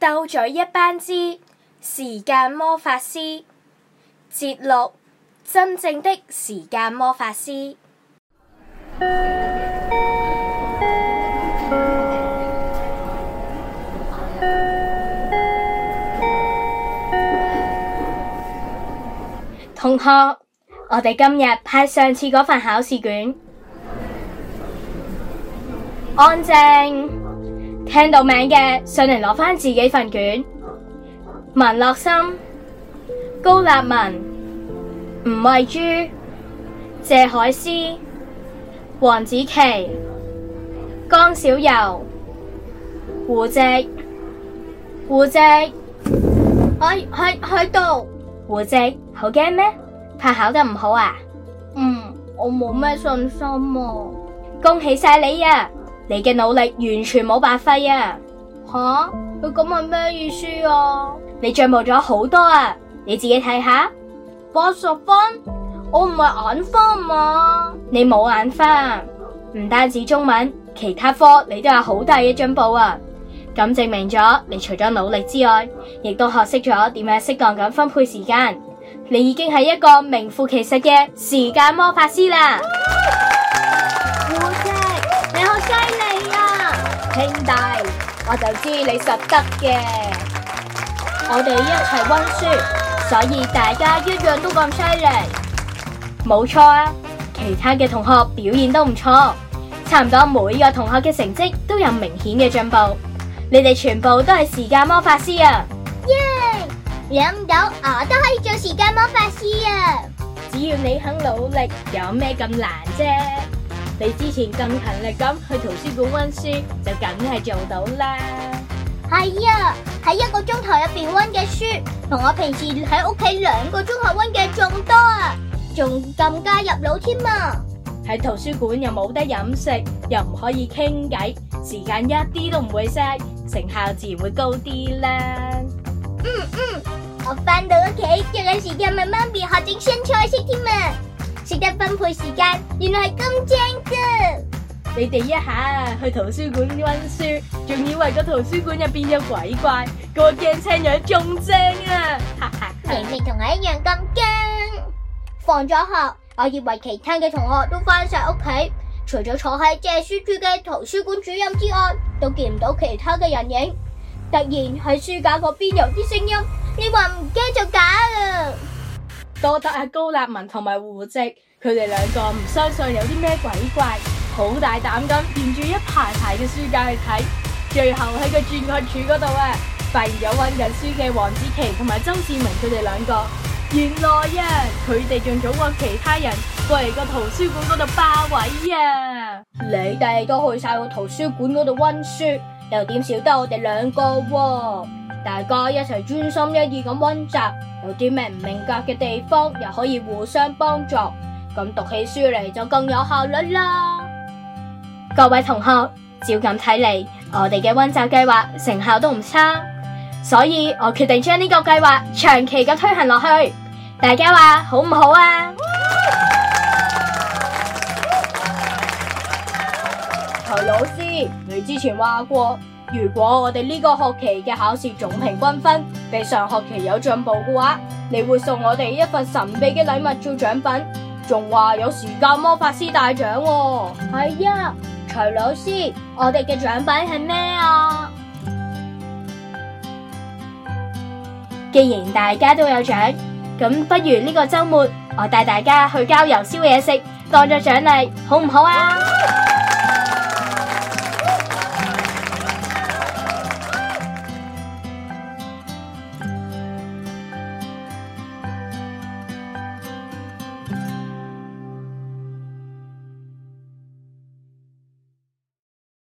鬥嘴一班之時間魔法師，節錄，真正的時間魔法師。同學，我哋今日派上次嗰份考試卷，安靜。聽到名嘅上嚟攞返自己份卷。文樂心、高立文、吳慧珠、謝海詩、黃子祺、江小柔、胡植、胡植，喺喺喺度。胡植，好驚咩？怕考得唔好呀？啊？嗯，我冇咩信心喎，啊。恭喜晒你呀，啊！你嘅努力完全冇白費啊！吓、啊，佢咁係咩意思啊？你進步咗好多啊！你自己睇下，八十分，我唔係眼花嘛？你冇眼花、啊，唔單止中文，其他科你都有好大嘅進步啊！咁證明咗，你除咗努力之外，亦都學識咗點樣適當咁分配時間。你已經係一個名副其實嘅時間魔法師啦！啊大，我就知你實得嘅。我哋一齊溫書，所以大家一樣都咁犀利。冇錯啊！其他嘅同學表現都唔錯，差唔多每個同學嘅成績都有明顯嘅進步，你哋全部都係時間魔法師啊！耶，兩到我都可以做時間魔法師啊！只要你肯努力，有咩咁難啫？比之前更勤力咁去圖書館溫書，就梗係做到啦。係啊，喺一個鐘頭入邊溫嘅書，同我平時喺屋企兩個鐘頭溫嘅仲多啊，仲咁加入腦添啊！喺圖書館又冇得飲食，又唔可以傾偈，時間一啲都唔會嘥，成效自然會高啲啦。嗯嗯，我翻到屋企就臨時入埋媽咪學整新菜式添啊！識得分配時間，原來係咁正噶！你哋一下去圖書館溫書，仲以為個圖書館入邊有鬼怪，個驚青樣仲正啊！哈哈，明明同我一樣咁驚。放咗學，我以為其他嘅同學都翻晒屋企，除咗坐喺借書處嘅圖書館主任之外，都見唔到其他嘅人影。突然喺書架嗰邊有啲聲音，你話？多得阿高立文同埋胡織，佢哋兩個唔相信，有啲咩鬼怪，好大膽咁沿住一排排嘅書架去睇，最後喺個轉角處嗰度啊，發現有溫緊書嘅黃子琪同埋周志明佢哋兩個。原來啊，佢哋仲早過其他人過嚟個圖書館嗰度霸位啊！你哋都去晒個圖書館嗰度溫書，又點少得我哋兩個？大家一齊專心一意咁溫習，有啲咩唔明白嘅地方，又可以互相幫助，咁讀起書嚟，就更有效率啦。各位同學，照咁睇嚟，我哋嘅溫習計劃成效都唔差，所以我決定將呢個計劃長期咁推行落去。大家話好唔好啊？胡 老師，你之前話過。如果我哋呢個學期嘅考試總平均分分比上學期有進步嘅話，你會送我哋一份神秘嘅禮物做獎品，仲話有時間魔法師大獎喎。係呀，徐老師，我哋嘅獎品係咩啊？既然大家都有獎，咁不如呢個周末我帶大家去郊遊燒嘢食當咗獎勵，好唔好啊？啊